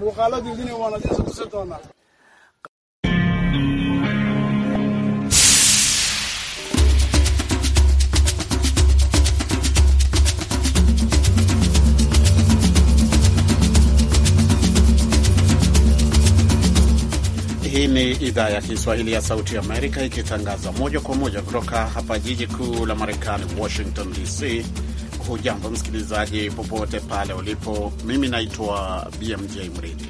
Hii ni idhaa ya Kiswahili ya Sauti ya Amerika ikitangaza moja kwa moja kutoka hapa jiji kuu la Marekani, Washington DC. Hujambo msikilizaji, popote pale ulipo. Mimi naitwa BMJ Mridhi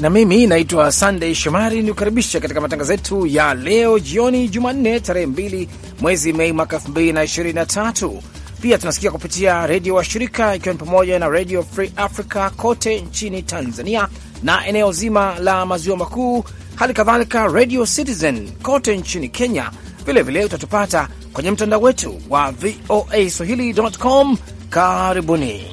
na mimi naitwa Sunday Shomari, ni kukaribisha katika matangazo yetu ya leo jioni, Jumanne tarehe 2 mwezi Mei mwaka 2023. Pia tunasikia kupitia redio wa shirika ikiwa ni pamoja na Radio Free Africa kote nchini Tanzania na eneo zima la maziwa makuu, hali kadhalika Radio Citizen kote nchini Kenya vilevile utatupata kwenye mtandao wetu wa VOA swahili.com. Karibuni.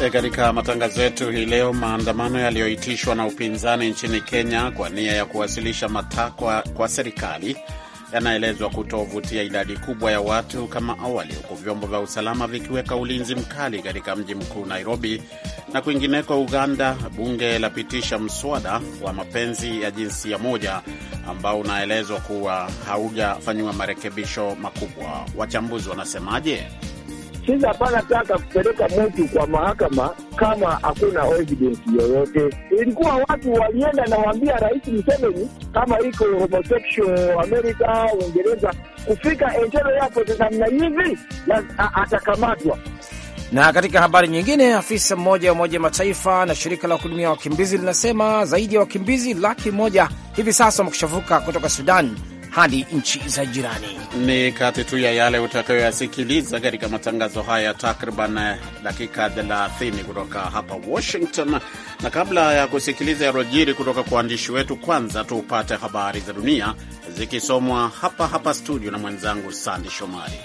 E, katika matangazo yetu hii leo, maandamano yaliyoitishwa na upinzani nchini Kenya kwa nia ya kuwasilisha matakwa kwa serikali yanaelezwa kutovutia idadi kubwa ya watu kama awali, huku vyombo vya usalama vikiweka ulinzi mkali katika mji mkuu Nairobi na kwingineko Uganda. Bunge lapitisha mswada wa mapenzi ya jinsia moja ambao unaelezwa kuwa haujafanyiwa marekebisho makubwa. Wachambuzi wanasemaje? sisi hapana taka kupeleka mtu kwa mahakama kama hakuna evidence yoyote. Ilikuwa watu walienda na waambia Rais Museveni kama iko homosexual Amerika, Uingereza, kufika eneo yapo namna hivi na atakamatwa. Na katika habari nyingine, afisa mmoja wa Umoja Mataifa na shirika la kuhudumia wakimbizi linasema zaidi ya wakimbizi laki moja hivi sasa wamekushavuka kutoka Sudan hadi nchi za jirani. Ni kati tu ya yale utakayoyasikiliza katika matangazo haya takriban eh, dakika 30 kutoka hapa Washington, na kabla ya kusikiliza yarojiri kutoka kwa waandishi wetu, kwanza tupate habari za dunia zikisomwa hapa hapa studio na mwenzangu Sandi Shomari.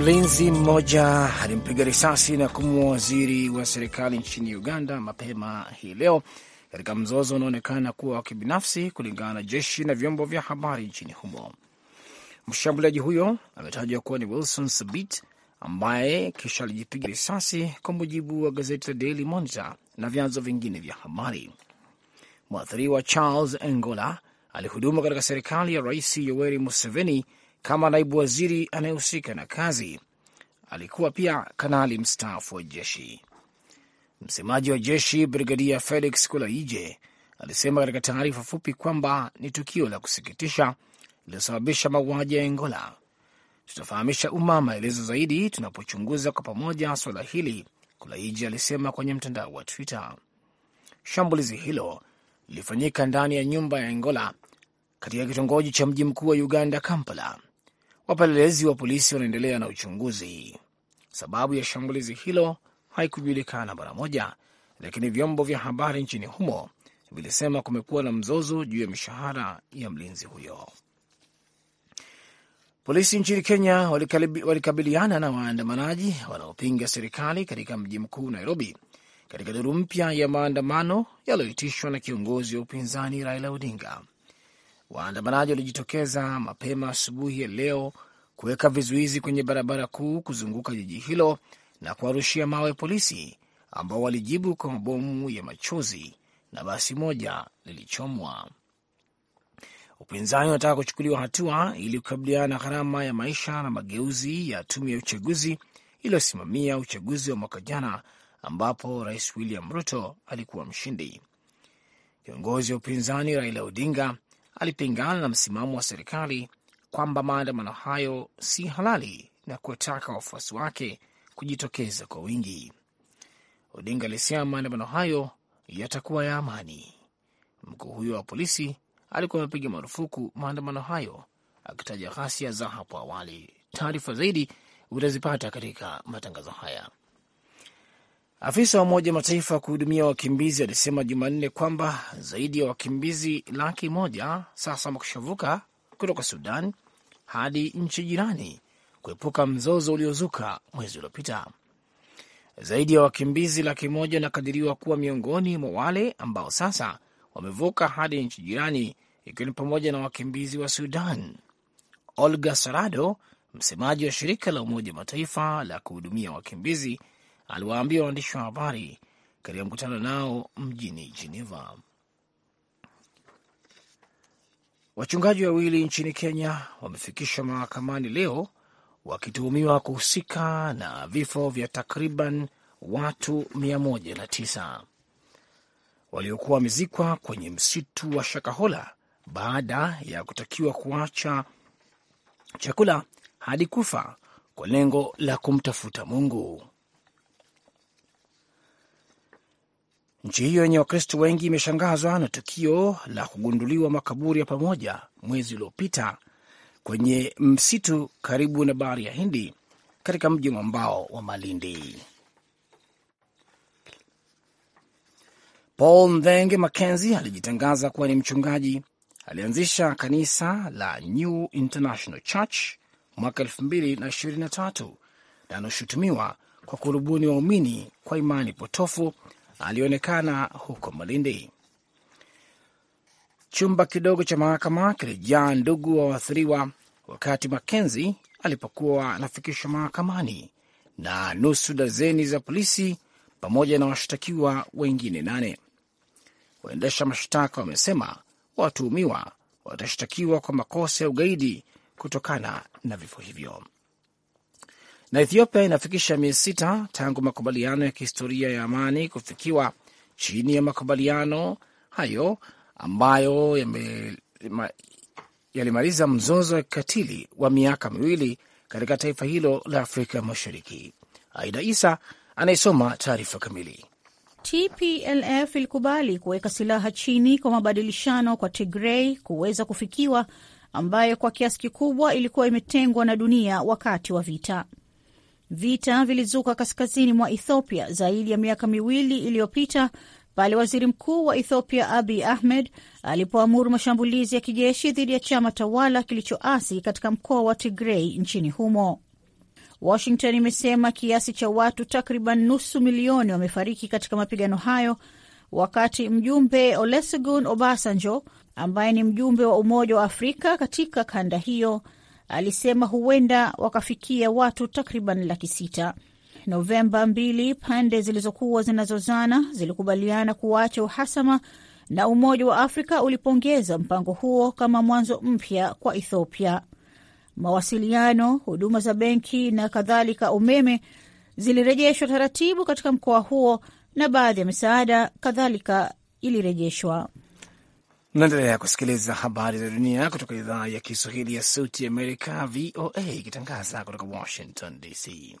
Mlinzi mmoja alimpiga risasi na kumua waziri wa serikali nchini Uganda mapema hii leo katika mzozo unaonekana kuwa wa kibinafsi, kulingana na jeshi na vyombo vya habari nchini humo. Mshambuliaji huyo ametajwa kuwa ni Wilson Sabit ambaye kisha alijipiga risasi, kwa mujibu wa gazeti la Daily Monitor na vyanzo vingine vya habari. Mwathiriwa Charles Engola alihudumu katika serikali ya Rais Yoweri Museveni kama naibu waziri anayehusika na kazi. Alikuwa pia kanali mstaafu wa jeshi. Msemaji wa jeshi Brigadia Felix Kulaije alisema katika taarifa fupi kwamba ni tukio la kusikitisha lililosababisha mauaji ya Angola. Tutafahamisha umma maelezo zaidi tunapochunguza kwa pamoja swala hili, Kulaije alisema kwenye mtandao wa Twitter. Shambulizi hilo lilifanyika ndani ya nyumba ya Angola katika kitongoji cha mji mkuu wa Uganda, Kampala, Wapelelezi wa polisi wanaendelea na uchunguzi. Sababu ya shambulizi hilo haikujulikana mara moja, lakini vyombo vya habari nchini humo vilisema kumekuwa na mzozo juu ya mishahara ya mlinzi huyo. Polisi nchini Kenya walikabiliana na waandamanaji wanaopinga serikali katika mji mkuu Nairobi, katika duru mpya ya maandamano yaliyoitishwa na kiongozi wa upinzani Raila Odinga. Waandamanaji walijitokeza mapema asubuhi ya leo kuweka vizuizi kwenye barabara kuu kuzunguka jiji hilo na kuwarushia mawe polisi ambao walijibu kwa mabomu ya machozi na basi moja lilichomwa. Upinzani unataka kuchukuliwa hatua ili kukabiliana na gharama ya maisha na mageuzi ya tume ya uchaguzi iliyosimamia uchaguzi wa mwaka jana ambapo Rais William Ruto alikuwa mshindi. Kiongozi wa upinzani Raila Odinga alipingana na msimamo wa serikali kwamba maandamano hayo si halali na kuwataka wafuasi wake kujitokeza kwa wingi. Odinga alisema maandamano hayo yatakuwa ya amani. Mkuu huyo wa polisi alikuwa amepiga marufuku maandamano hayo, akitaja ghasia za hapo awali. Taarifa zaidi utazipata katika matangazo haya. Afisa wa Umoja Mataifa wa kuhudumia wakimbizi alisema Jumanne kwamba zaidi ya wakimbizi laki moja sasa wamekushavuka kutoka Sudan hadi nchi jirani kuepuka mzozo uliozuka mwezi uliopita. Zaidi ya wakimbizi laki moja wanakadiriwa kuwa miongoni mwa wale ambao sasa wamevuka hadi nchi jirani, ikiwa ni pamoja na wakimbizi wa Sudan. Olga Sarado, msemaji wa shirika la Umoja Mataifa la kuhudumia wakimbizi aliwaambia waandishi wa habari katika mkutano nao mjini Geneva. Wachungaji wawili nchini Kenya wamefikishwa mahakamani leo wakituhumiwa kuhusika na vifo vya takriban watu 109 waliokuwa wamezikwa kwenye msitu wa Shakahola baada ya kutakiwa kuacha chakula hadi kufa kwa lengo la kumtafuta Mungu. Nchi hiyo yenye Wakristo wengi imeshangazwa na tukio la kugunduliwa makaburi ya pamoja mwezi uliopita kwenye msitu karibu na bahari ya Hindi katika mji mwambao wa Malindi. Paul Mdhenge makenzi alijitangaza kuwa ni mchungaji. Alianzisha kanisa la New International Church mwaka mbili na anaoshutumiwa kwa kurubuni waumini kwa imani potofu alionekana huko Malindi. Chumba kidogo cha mahakama kilijaa ndugu wa waathiriwa wakati Makenzi alipokuwa anafikishwa mahakamani na nusu dazeni za polisi pamoja na washtakiwa wengine nane. Waendesha mashtaka wamesema watuhumiwa watashtakiwa kwa makosa ya ugaidi kutokana na vifo hivyo na Ethiopia inafikisha miezi sita tangu makubaliano ya kihistoria ya amani kufikiwa. Chini ya makubaliano hayo ambayo yalimaliza ma, ya mzozo wa kikatili wa miaka miwili katika taifa hilo la Afrika Mashariki. Aida Isa anayesoma taarifa kamili. TPLF ilikubali kuweka silaha chini kwa mabadilishano kwa Tigrei kuweza kufikiwa, ambayo kwa kiasi kikubwa ilikuwa imetengwa na dunia wakati wa vita. Vita vilizuka kaskazini mwa Ethiopia zaidi ya miaka miwili iliyopita pale waziri mkuu wa Ethiopia Abiy Ahmed alipoamuru mashambulizi ya kijeshi dhidi ya chama tawala kilichoasi katika mkoa wa Tigrei nchini humo. Washington imesema kiasi cha watu takriban nusu milioni wamefariki katika mapigano hayo, wakati mjumbe Olusegun Obasanjo ambaye ni mjumbe wa Umoja wa Afrika katika kanda hiyo alisema huenda wakafikia watu takriban laki sita. Novemba mbili, pande zilizokuwa zinazozana zilikubaliana kuacha uhasama na Umoja wa Afrika ulipongeza mpango huo kama mwanzo mpya kwa Ethiopia. Mawasiliano, huduma za benki na kadhalika, umeme zilirejeshwa taratibu katika mkoa huo na baadhi ya misaada kadhalika ilirejeshwa. Naendelea kusikiliza habari za dunia kutoka idhaa ya Kiswahili ya sauti Amerika, VOA, ikitangaza kutoka Washington DC.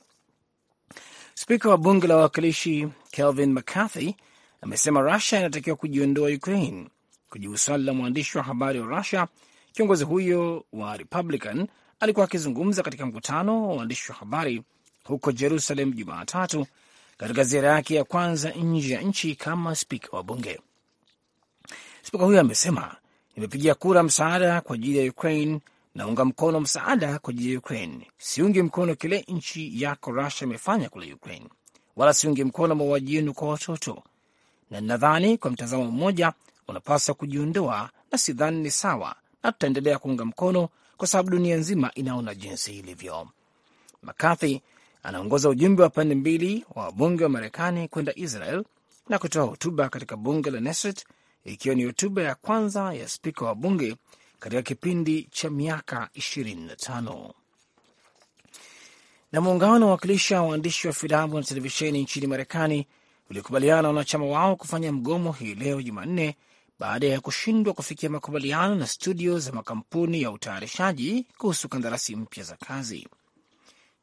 Spika wa bunge la wawakilishi Kelvin McCarthy amesema Rusia inatakiwa kujiondoa Ukraine, kujibu swali la mwandishi wa habari wa Rusia. Kiongozi huyo wa Republican alikuwa akizungumza katika mkutano wa waandishi wa habari huko Jerusalem Jumatatu, katika ziara yake ya kwanza nje ya nchi kama spika wa bunge. Spika huyo amesema, nimepigia kura msaada kwa ajili ya Ukraine, naunga mkono msaada kwa ajili ya Ukraine. Siungi mkono kile nchi yako Rusia imefanya kule Ukraine, wala siungi mkono mauaji yenu kwa watoto, na nadhani kwa mtazamo mmoja unapaswa kujiondoa, na sidhani ni sawa, na tutaendelea kuunga mkono kwa sababu dunia nzima inaona jinsi ilivyo. McCarthy anaongoza ujumbe wa pande mbili wa wabunge wa Marekani kwenda Israel na kutoa hotuba katika bunge la Knesset ikiwa ni hotuba ya kwanza ya spika wa bunge katika kipindi cha miaka 25. Na muungano wa wakilisha waandishi wa filamu na televisheni nchini Marekani ulikubaliana na wanachama wao kufanya mgomo hii leo Jumanne baada ya kushindwa kufikia makubaliano na studio za makampuni ya utayarishaji kuhusu kandarasi mpya za kazi.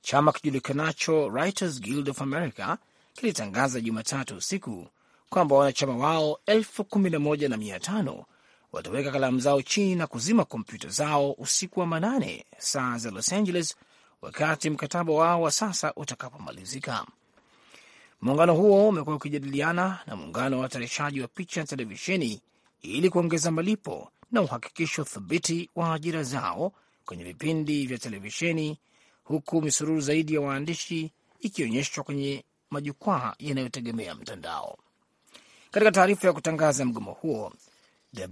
Chama kijulikanacho Writers Guild of America kilitangaza Jumatatu usiku kwamba wanachama wao elfu kumi na moja na mia tano wataweka kalamu zao chini na kuzima kompyuta zao usiku wa manane saa za Los Angeles wakati mkataba wao wa sasa utakapomalizika. Muungano huo umekuwa ukijadiliana na muungano wa watayarishaji wa picha na televisheni ili kuongeza malipo na uhakikisho thabiti wa ajira zao kwenye vipindi vya televisheni, huku misururu zaidi ya waandishi ikionyeshwa kwenye majukwaa yanayotegemea mtandao katika taarifa ya kutangaza mgomo huo.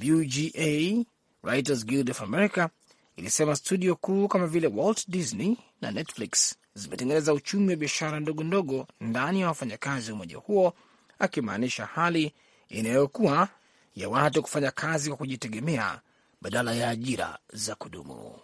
WGA, Writers Guild of America ilisema studio kuu kama vile Walt Disney na Netflix zimetengeneza uchumi wa biashara ndogo ndogo ndani ya wafanyakazi wa umoja huo, akimaanisha hali inayokuwa ya watu kufanya kazi kwa kujitegemea badala ya ajira za kudumu.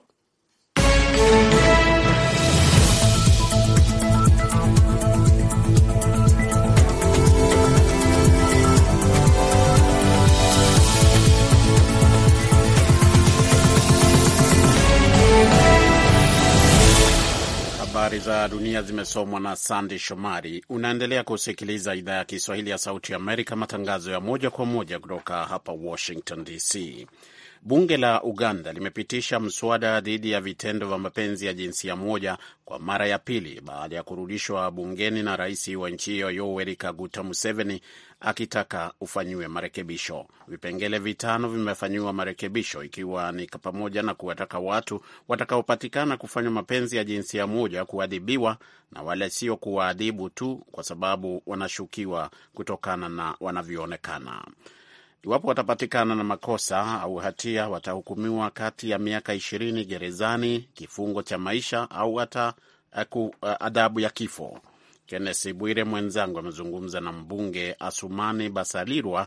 Habari za dunia zimesomwa na Sandi Shomari. Unaendelea kusikiliza idhaa ya Kiswahili ya Sauti ya Amerika, matangazo ya moja kwa moja kutoka hapa Washington DC. Bunge la Uganda limepitisha mswada dhidi ya vitendo vya mapenzi ya jinsia moja kwa mara ya pili baada ya kurudishwa bungeni na rais wa nchi hiyo Yoweri Kaguta Museveni akitaka ufanyiwe marekebisho. Vipengele vitano vimefanyiwa marekebisho, ikiwa ni pamoja na kuwataka watu watakaopatikana kufanya mapenzi ya jinsia moja kuadhibiwa na wale sio kuwaadhibu tu kwa sababu wanashukiwa kutokana na wanavyoonekana. Iwapo watapatikana na makosa au hatia, watahukumiwa kati ya miaka ishirini gerezani, kifungo cha maisha au hata eh, eh, adhabu ya kifo. Kennes Bwire mwenzangu amezungumza na mbunge Asumani Basalirwa,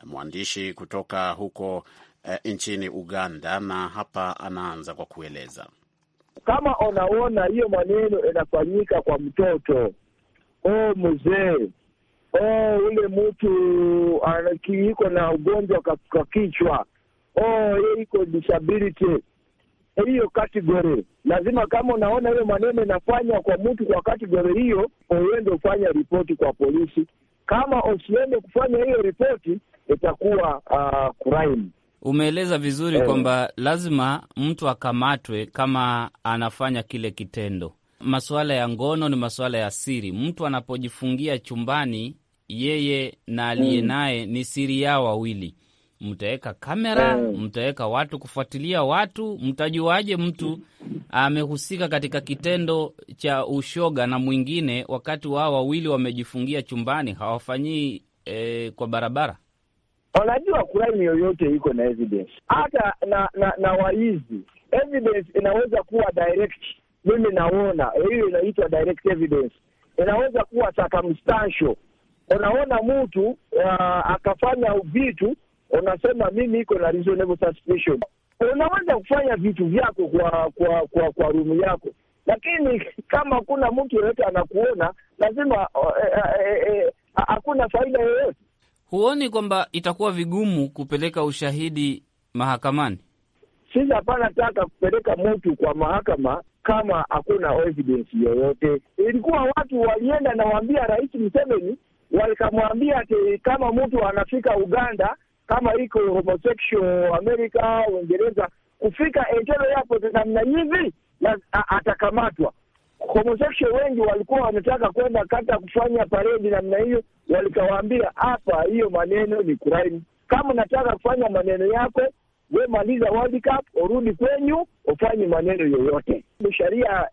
eh, mwandishi kutoka huko uh, nchini Uganda, na hapa anaanza kwa kueleza. Kama unaona hiyo maneno inafanyika kwa mtoto o oh, mzee oh, ule mtu iko na ugonjwa kwa kichwa, oh, ye iko disability. Hiyo category lazima, kama unaona hiyo maneno inafanywa kwa mtu kwa category hiyo, uende ufanya ripoti kwa polisi. Kama usiende kufanya hiyo ripoti, itakuwa uh, crime. Umeeleza vizuri eh, kwamba lazima mtu akamatwe kama anafanya kile kitendo masuala ya ngono ni masuala ya siri. Mtu anapojifungia chumbani, yeye na aliye hmm. naye ni siri yao wawili. Mtaweka kamera, hmm. mtaweka watu kufuatilia watu, mtajuaje mtu amehusika katika kitendo cha ushoga na mwingine, wakati wao wawili wamejifungia chumbani, hawafanyii eh, kwa barabara? Unajua, crime yoyote iko na evidence, hata na na, na waizi evidence inaweza kuwa direct mimi naona hiyo inaitwa direct evidence, inaweza kuwa circumstantial. Unaona mtu uh, akafanya vitu, unasema mimi iko na reasonable suspicion. Unaweza kufanya vitu vyako kwa kwa kwa, kwa rumu yako, lakini kama kuna mtu yeyote anakuona, lazima hakuna uh, uh, uh, uh, uh faida yoyote. Huoni kwamba itakuwa vigumu kupeleka ushahidi mahakamani? Sisi hapana taka kupeleka mtu kwa mahakama kama hakuna evidence yoyote. Ilikuwa watu walienda na waambia Rais Museveni, walikamwambia ati kama mtu anafika Uganda kama iko homosexual Amerika, Uingereza, kufika entero yapo namna hivi atakamatwa. Homosexual wengi walikuwa wanataka kwenda kata kufanya paredi namna hiyo, walikawaambia hapa, hiyo maneno ni crime. Kama unataka kufanya maneno yako we maliza World Cup, urudi kwenyu, ufanye maneno yoyote. Sheria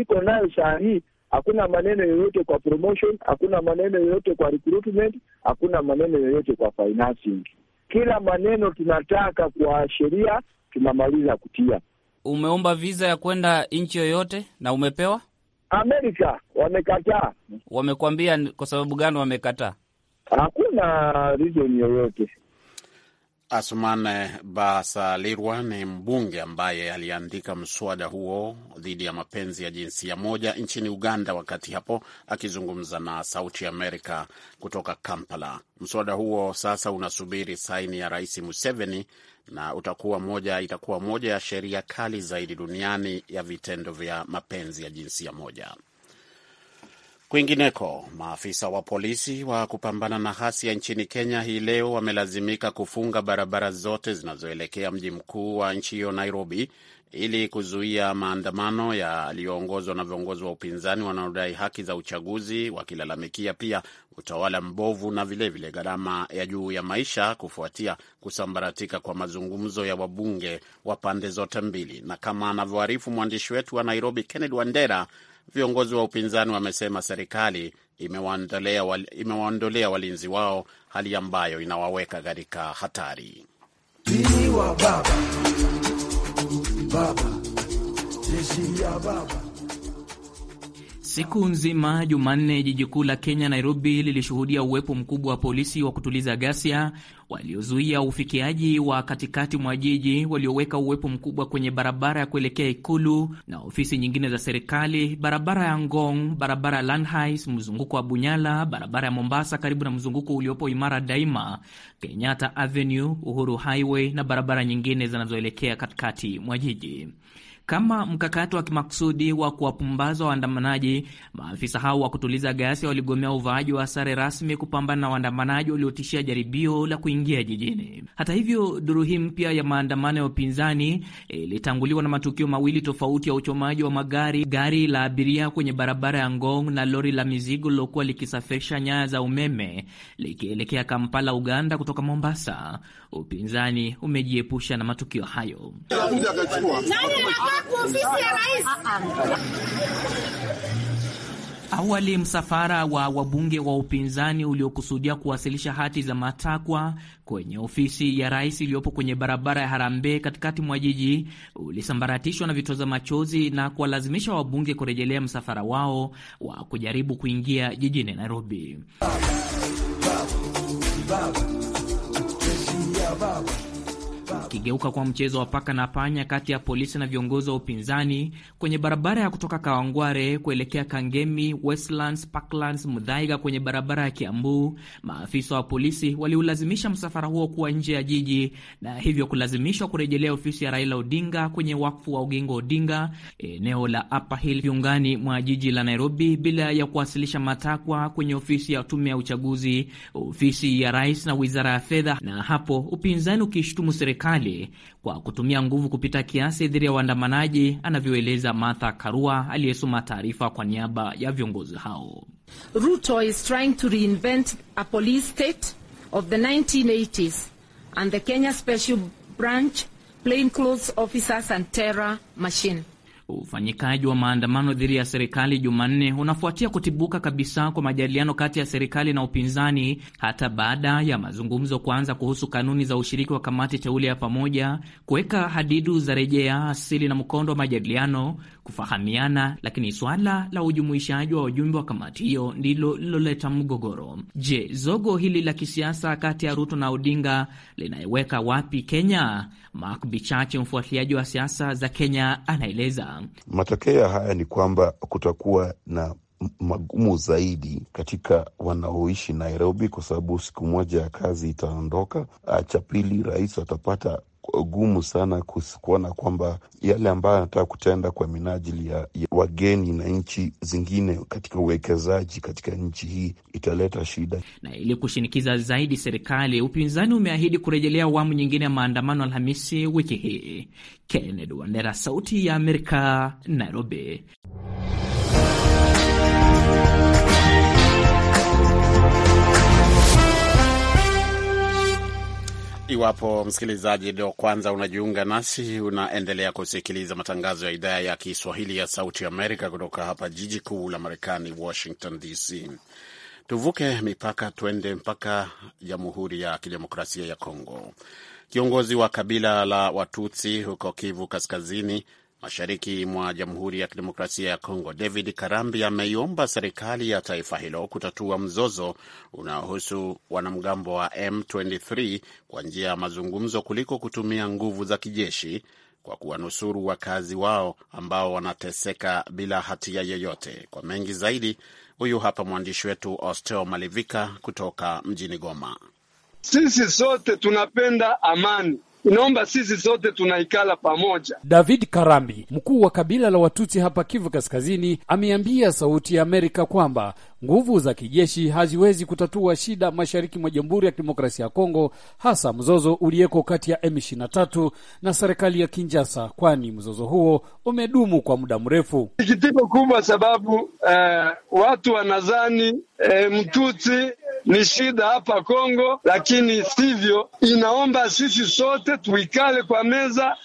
iko nayo saa hii, hakuna maneno yoyote kwa promotion, hakuna maneno yoyote kwa recruitment, hakuna maneno yoyote kwa financing. Kila maneno tunataka kwa sheria tunamaliza kutia. Umeomba visa ya kwenda nchi yoyote na umepewa? Amerika wamekataa. Wamekwambia kwa sababu gani wamekataa? Hakuna reason yoyote. Asumane Basalirwa ni mbunge ambaye aliandika mswada huo dhidi ya mapenzi ya jinsia moja nchini Uganda, wakati hapo akizungumza na Sauti Amerika kutoka Kampala. Mswada huo sasa unasubiri saini ya Rais Museveni na utakuwa moja, itakuwa moja ya sheria kali zaidi duniani ya vitendo vya mapenzi ya jinsia moja. Kwingineko, maafisa wa polisi wa kupambana na ghasia nchini Kenya hii leo wamelazimika kufunga barabara zote zinazoelekea mji mkuu wa nchi hiyo Nairobi, ili kuzuia maandamano yaliyoongozwa na viongozi wa upinzani wanaodai haki za uchaguzi, wakilalamikia pia utawala mbovu na vilevile gharama ya juu ya maisha kufuatia kusambaratika kwa mazungumzo ya wabunge wa pande zote mbili. Na kama anavyoarifu mwandishi wetu wa Nairobi Kennedy Wandera, Viongozi wa upinzani wamesema serikali imewaondolea walinzi wao, hali ambayo inawaweka katika hatari. Baba. Baba. Siku nzima Jumanne, jiji kuu la Kenya Nairobi lilishuhudia uwepo mkubwa wa polisi wa kutuliza ghasia waliozuia ufikiaji wa katikati mwa jiji, walioweka uwepo mkubwa kwenye barabara ya kuelekea ikulu na ofisi nyingine za serikali, barabara ya Ngong, barabara ya Lanhais, mzunguko wa Bunyala, barabara ya Mombasa karibu na mzunguko uliopo Imara Daima, Kenyatta Avenue, Uhuru Highway na barabara nyingine zinazoelekea katikati mwa jiji kama mkakati wa kimakusudi wa kuwapumbaza waandamanaji. Maafisa hao wa kutuliza ghasia waligomea uvaaji wa sare rasmi kupambana na waandamanaji waliotishia jaribio la kuingia jijini. Hata hivyo, duru hii mpya ya maandamano ya upinzani ilitanguliwa na matukio mawili tofauti ya uchomaji wa magari, gari la abiria kwenye barabara ya Ngong na lori la mizigo lilokuwa likisafirisha nyaya za umeme likielekea Kampala, Uganda kutoka Mombasa. Upinzani umejiepusha na matukio hayo ofisi ya ah, ah, rais. Ah, Awali msafara wa wabunge wa upinzani uliokusudia kuwasilisha hati za matakwa kwenye ofisi ya rais iliyopo kwenye barabara ya Harambee katikati mwa jiji ulisambaratishwa na vitoza machozi na kuwalazimisha wabunge kurejelea msafara wao wa kujaribu kuingia jijini Nairobi ikigeuka kwa mchezo wa paka na panya kati ya polisi na viongozi wa upinzani kwenye barabara ya kutoka Kawangware kuelekea Kangemi, Westlands, Parklands, Mudhaiga kwenye barabara ya Kiambu, maafisa wa polisi waliulazimisha msafara huo kuwa nje ya jiji na hivyo kulazimishwa kurejelea ofisi ya Raila Odinga kwenye wakfu wa Oginga Odinga eneo la Upper Hill viungani mwa jiji la Nairobi bila ya kuwasilisha matakwa kwenye ofisi ya tume ya uchaguzi, ofisi ya rais na wizara ya fedha, na hapo upinzani ukishutumu serikali serikali kwa kutumia nguvu kupita kiasi dhidi ya waandamanaji, anavyoeleza Martha Karua aliyesoma taarifa kwa niaba ya viongozi hao. Ruto is trying to reinvent a police state of the 1980s and the Kenya Special Branch plainclothes officers and terror machine. Ufanyikaji wa maandamano dhidi ya serikali Jumanne unafuatia kutibuka kabisa kwa majadiliano kati ya serikali na upinzani hata baada ya mazungumzo kuanza kuhusu kanuni za ushiriki wa kamati teule ya pamoja, kuweka hadidu za rejea asili na mkondo wa majadiliano, kufahamiana, lakini swala la ujumuishaji wa wajumbe wa kamati hiyo ndilo liloleta mgogoro. Je, zogo hili la kisiasa kati ya Ruto na Odinga linaiweka wapi Kenya? Mark Bichache, mfuatiliaji wa siasa za Kenya, anaeleza. Matokeo ya haya ni kwamba kutakuwa na magumu zaidi katika wanaoishi Nairobi, kwa sababu siku moja ya kazi itaondoka. Cha pili, rais atapata gumu sana kuona kwamba yale ambayo anataka kutenda kwa minajili ya, ya wageni na nchi zingine katika uwekezaji katika nchi hii italeta shida. Na ili kushinikiza zaidi serikali, upinzani umeahidi kurejelea awamu nyingine ya maandamano Alhamisi wiki hii. Kennedy Wandera, Sauti ya Amerika, Nairobi. Iwapo msikilizaji ndio kwanza unajiunga nasi, unaendelea kusikiliza matangazo ya idhaa ya Kiswahili ya Sauti Amerika kutoka hapa jiji kuu la Marekani, Washington DC. Tuvuke mipaka twende mpaka Jamhuri ya Kidemokrasia ya Kongo. Kiongozi wa kabila la Watutsi huko Kivu Kaskazini mashariki mwa Jamhuri ya Kidemokrasia ya Kongo, David Karambi ameiomba serikali ya taifa hilo kutatua mzozo unaohusu wanamgambo wa M23 kwa njia ya mazungumzo kuliko kutumia nguvu za kijeshi kwa kuwanusuru wakazi wao ambao wanateseka bila hatia yeyote Kwa mengi zaidi, huyu hapa mwandishi wetu Osteo Malivika kutoka mjini Goma. Sisi sote tunapenda amani inaomba sisi sote tunaikala pamoja. David Karambi, mkuu wa kabila la Watutsi hapa Kivu Kaskazini, ameambia Sauti ya Amerika kwamba nguvu za kijeshi haziwezi kutatua shida mashariki mwa Jamhuri ya Kidemokrasia ya Kongo, hasa mzozo uliyeko kati ya M23 na serikali ya kinjasa kwani mzozo huo umedumu kwa muda mrefu. Sikitiko kubwa sababu eh, watu wanazani eh, Mtutsi ni shida hapa Kongo, lakini sivyo, inaomba sisi sote tuikale kwa meza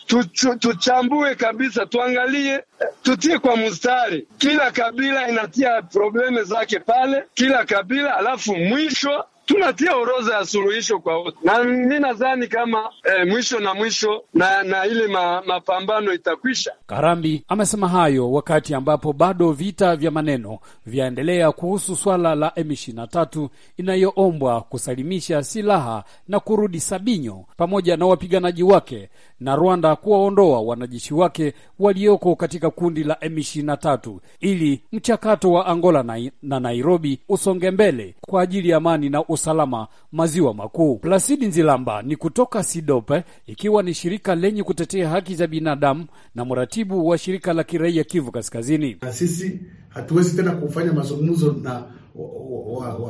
tuchambue kabisa, tuangalie, tutie kwa mstari. Kila kabila inatia probleme zake pale, kila kabila, alafu mwisho tunatia orodha ya suluhisho kwa wote, na mi nadhani kama eh, mwisho na mwisho na, na ile ma, mapambano itakwisha. Karambi amesema hayo wakati ambapo bado vita vya maneno vyaendelea kuhusu swala la M23 inayoombwa kusalimisha silaha na kurudi Sabinyo pamoja na wapiganaji wake na Rwanda kuwaondoa wanajeshi wake walioko katika kundi la M23 ili mchakato wa Angola na, na Nairobi usonge mbele kwa ajili ya amani na usalama maziwa makuu. Plasidi Nzilamba ni kutoka Sidope, ikiwa ni shirika lenye kutetea haki za binadamu na mratibu wa shirika la kiraia Kivu Kaskazini. Na sisi hatuwezi tena kufanya mazungumzo na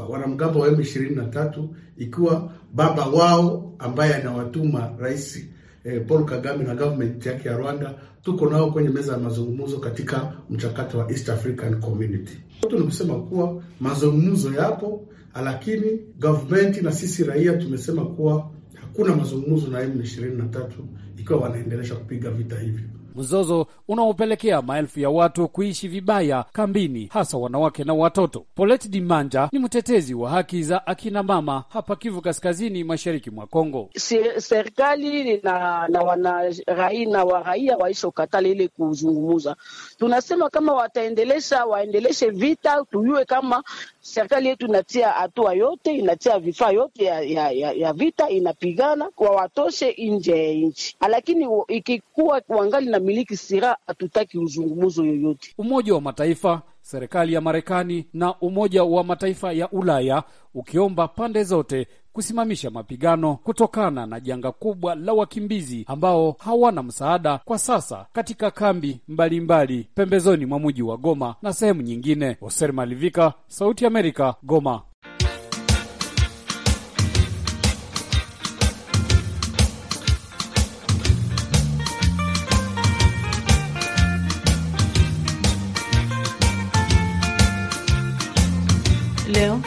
wanamgambo wa M23 ikiwa baba wao ambaye anawatuma rais eh, Paul Kagame na government yake ya Rwanda. Tuko nao kwenye meza ya mazungumzo katika mchakato wa East African Community. Ni kusema kuwa mazungumzo yapo, lakini government na sisi raia tumesema kuwa hakuna mazungumzo na M23 ikiwa wanaendelesha kupiga vita hivyo mzozo unaopelekea maelfu ya watu kuishi vibaya kambini, hasa wanawake na watoto. Polet Dimanja ni mtetezi wa haki za akina mama hapa Kivu Kaskazini, mashariki mwa Kongo. Serikali na, na wanarai na waraia waisha ukatali ile kuzungumuza, tunasema kama wataendelesha waendeleshe vita, tujue kama serikali yetu inatia hatua yote, inatia vifaa yote ya, ya, ya, ya vita, inapigana kwa watoshe nje ya nchi, lakini ikikuwa wangali na miliki silaha, hatutaki uzungumuzo yoyote. Umoja wa Mataifa, serikali ya Marekani na Umoja wa Mataifa ya Ulaya ukiomba pande zote kusimamisha mapigano kutokana na janga kubwa la wakimbizi ambao hawana msaada kwa sasa katika kambi mbalimbali mbali, pembezoni mwa mji wa Goma na sehemu nyingine. Hoser Malivika, Sauti ya Amerika, Goma.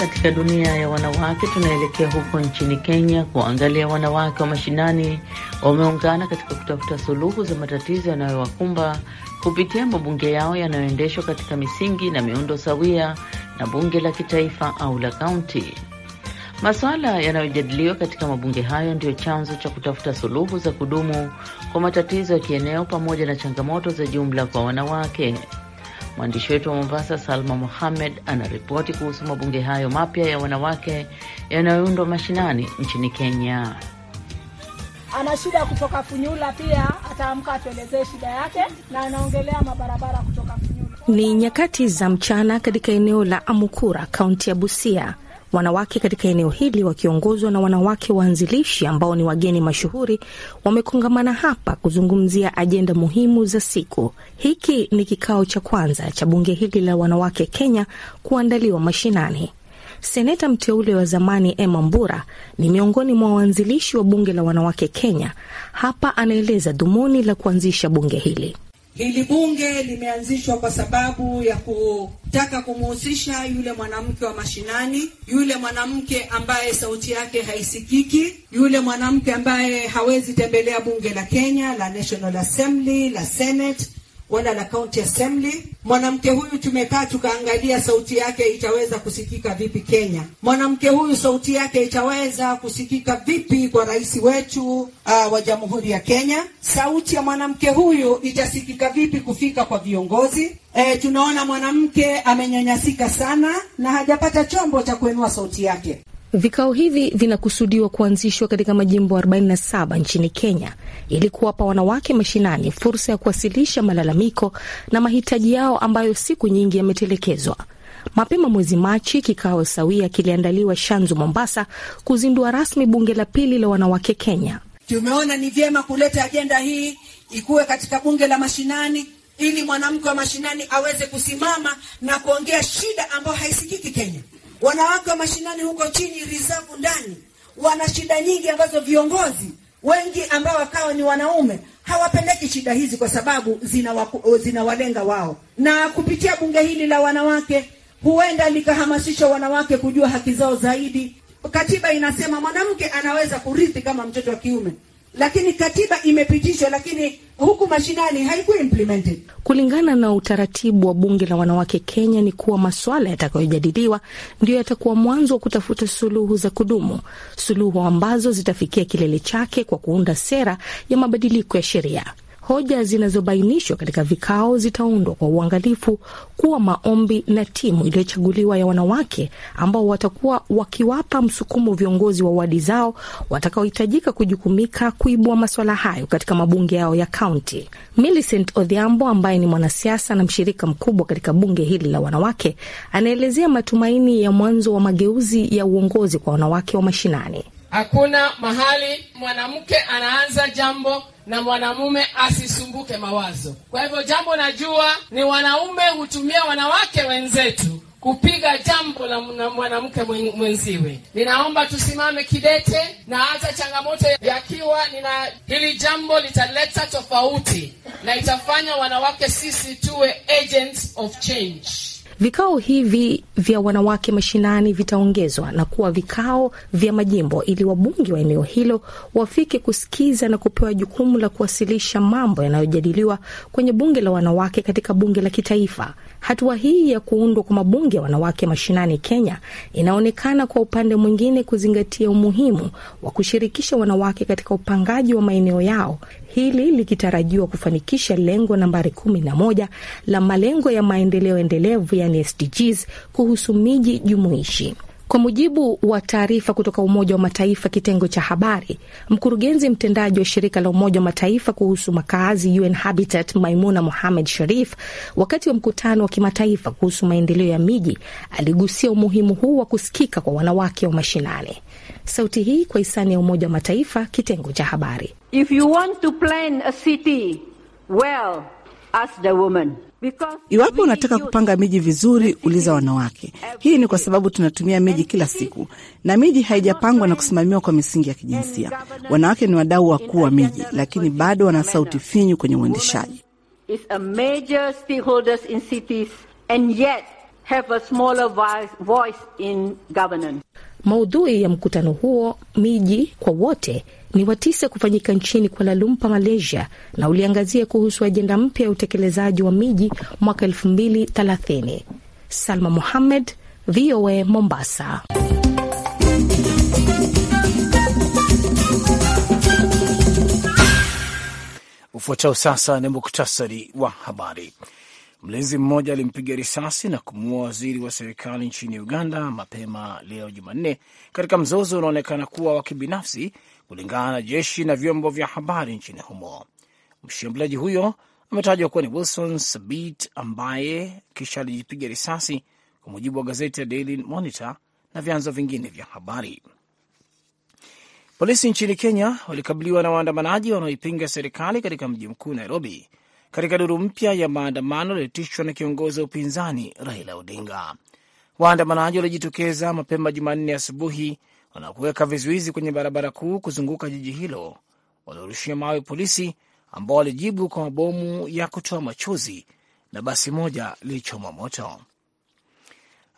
katika dunia ya wanawake, tunaelekea huko nchini Kenya kuangalia wanawake wa mashinani wameungana katika kutafuta suluhu za matatizo yanayowakumba kupitia mabunge yao yanayoendeshwa katika misingi na miundo sawia na bunge la kitaifa au la kaunti. Masuala yanayojadiliwa katika mabunge hayo ndiyo chanzo cha kutafuta suluhu za kudumu kwa matatizo ya kieneo pamoja na changamoto za jumla kwa wanawake. Mwandishi wetu wa Mombasa, Salma Mohamed, anaripoti kuhusu mabunge hayo mapya ya wanawake yanayoundwa mashinani nchini Kenya. Ana shida kutoka Funyula, pia ataamka atuelezee shida yake, na anaongelea mabarabara kutoka Funyula. Ni nyakati za mchana katika eneo la Amukura, kaunti ya Busia. Wanawake katika eneo hili wakiongozwa na wanawake waanzilishi ambao ni wageni mashuhuri wamekongamana hapa kuzungumzia ajenda muhimu za siku. Hiki ni kikao cha kwanza cha bunge hili la wanawake Kenya kuandaliwa mashinani. Seneta mteule wa zamani Emma Mbura ni miongoni mwa waanzilishi wa bunge la wanawake Kenya. Hapa anaeleza dhumuni la kuanzisha bunge hili. Hili bunge limeanzishwa kwa sababu ya kutaka kumuhusisha yule mwanamke wa mashinani, yule mwanamke ambaye sauti yake haisikiki, yule mwanamke ambaye hawezi tembelea bunge la Kenya, la National Assembly, la Senate na County Assembly. Mwanamke huyu tumekaa tukaangalia sauti yake itaweza kusikika vipi Kenya. Mwanamke huyu sauti yake itaweza kusikika vipi kwa rais wetu uh, wa Jamhuri ya Kenya. Sauti ya mwanamke huyu itasikika vipi kufika kwa viongozi. E, tunaona mwanamke amenyanyasika sana na hajapata chombo cha kuinua sauti yake. Vikao hivi vinakusudiwa kuanzishwa katika majimbo 47 nchini Kenya ili kuwapa wanawake mashinani fursa ya kuwasilisha malalamiko na mahitaji yao ambayo siku nyingi yametelekezwa. Mapema mwezi Machi, kikao sawia kiliandaliwa Shanzu, Mombasa, kuzindua rasmi bunge la pili la wanawake Kenya. Tumeona ni vyema kuleta ajenda hii ikuwe katika bunge la mashinani ili mwanamke wa mashinani aweze kusimama na kuongea shida ambayo haisikiki Kenya. Wanawake wa mashinani huko chini rizavu ndani, wana shida nyingi ambazo viongozi wengi ambao wakawa ni wanaume hawapeleki shida hizi kwa sababu zinawalenga zina wao. Na kupitia bunge hili la wanawake huenda likahamasisha wanawake kujua haki zao zaidi. Katiba inasema mwanamke anaweza kurithi kama mtoto wa kiume lakini katiba imepitishwa, lakini huku mashinani haikuwa implemented. Kulingana na utaratibu wa bunge la wanawake Kenya ni kuwa maswala yatakayojadiliwa ndiyo yatakuwa mwanzo wa kutafuta suluhu za kudumu, suluhu ambazo zitafikia kilele chake kwa kuunda sera ya mabadiliko ya sheria hoja zinazobainishwa katika vikao zitaundwa kwa uangalifu kuwa maombi na timu iliyochaguliwa ya wanawake ambao watakuwa wakiwapa msukumo viongozi wa wadi zao watakaohitajika kujukumika kuibua maswala hayo katika mabunge yao ya kaunti. Millicent Odhiambo ambaye ni mwanasiasa na mshirika mkubwa katika bunge hili la wanawake anaelezea matumaini ya mwanzo wa mageuzi ya uongozi kwa wanawake wa mashinani. Hakuna mahali mwanamke anaanza jambo na mwanamume asisumbuke mawazo. Kwa hivyo, jambo najua ni wanaume hutumia wanawake wenzetu kupiga jambo la mwanamke mwenziwe. Ninaomba tusimame kidete, na hata changamoto yakiwa nina hili jambo litaleta tofauti na itafanya wanawake sisi tuwe agents of change. Vikao hivi vya wanawake mashinani vitaongezwa na kuwa vikao vya majimbo ili wabunge wa eneo hilo wafike kusikiza na kupewa jukumu la kuwasilisha mambo yanayojadiliwa kwenye bunge la wanawake katika bunge la kitaifa. Hatua hii ya kuundwa kwa mabunge ya wanawake mashinani Kenya inaonekana kwa upande mwingine kuzingatia umuhimu wa kushirikisha wanawake katika upangaji wa maeneo yao, hili likitarajiwa kufanikisha lengo nambari kumi na moja la malengo ya maendeleo endelevu, yani SDGs, kuhusu miji jumuishi. Kwa mujibu wa taarifa kutoka Umoja wa Mataifa kitengo cha habari, mkurugenzi mtendaji wa shirika la Umoja wa Mataifa kuhusu makazi UN Habitat, Maimuna Mohamed Sharif, wakati wa mkutano wa kimataifa kuhusu maendeleo ya miji aligusia umuhimu huu wa kusikika kwa wanawake wa mashinani. Sauti hii kwa hisani ya Umoja wa Mataifa kitengo cha habari. If you want to plan a city, well, ask the woman. Iwapo unataka kupanga miji vizuri, uliza wanawake. Hii ni kwa sababu tunatumia miji kila siku, na miji haijapangwa na kusimamiwa kwa misingi ya kijinsia. Wanawake ni wadau wakuu wa miji, lakini bado wana sauti finyu kwenye uendeshaji. And yet have a smaller voice in governance. Maudhui ya mkutano huo, miji kwa wote, ni watisa kufanyika nchini Kuala Lumpur, Malaysia, na uliangazia kuhusu ajenda mpya ya utekelezaji wa miji mwaka elfu mbili thelathini. Salma Muhammed, VOA Mombasa. Ufuatao sasa ni muktasari wa habari. Mlinzi mmoja alimpiga risasi na kumuua waziri wa serikali nchini Uganda mapema leo Jumanne, katika mzozo unaonekana kuwa wa kibinafsi, kulingana na jeshi na vyombo vya habari nchini humo. Mshambuliaji huyo ametajwa kuwa ni Wilson Sabit ambaye kisha alijipiga risasi, kwa mujibu wa gazeti ya Daily Monitor na vyanzo vingine vya habari. Polisi nchini Kenya walikabiliwa na waandamanaji wanaoipinga serikali katika mji mkuu Nairobi katika duru mpya ya maandamano yaliyoitishwa na kiongozi wa upinzani Raila Odinga. Waandamanaji walijitokeza mapema Jumanne asubuhi na kuweka vizuizi kwenye barabara kuu kuzunguka jiji hilo. Waliorushia mawe polisi ambao walijibu kwa mabomu ya kutoa machozi na basi moja lilichomwa moto.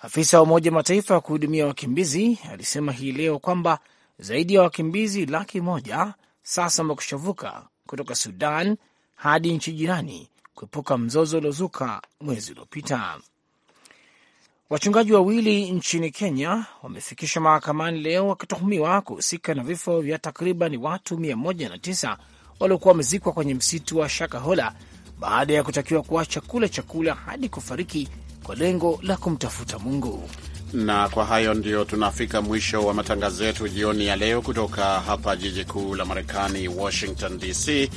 Afisa wa Umoja Mataifa wa kuhudumia wakimbizi alisema hii leo kwamba zaidi ya wakimbizi laki moja sasa wamekushavuka kutoka Sudan hadi nchi jirani kuepuka mzozo uliozuka mwezi uliopita. Wachungaji wawili nchini Kenya wamefikishwa mahakamani leo wakituhumiwa kuhusika na vifo vya takriban watu 109 waliokuwa wamezikwa kwenye msitu wa Shakahola baada ya kutakiwa kuacha kula chakula hadi kufariki kwa lengo la kumtafuta Mungu. Na kwa hayo ndio tunafika mwisho wa matangazo yetu jioni ya leo kutoka hapa jiji kuu la Marekani, Washington DC.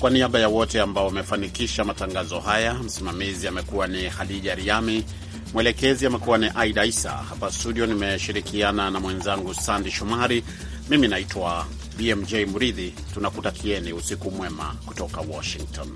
Kwa niaba ya wote ambao wamefanikisha matangazo haya, msimamizi amekuwa ni Khadija Riami, mwelekezi amekuwa ni Aida Isa. Hapa studio nimeshirikiana na mwenzangu Sandi Shomari. Mimi naitwa BMJ Muridhi. Tunakutakieni usiku mwema kutoka Washington.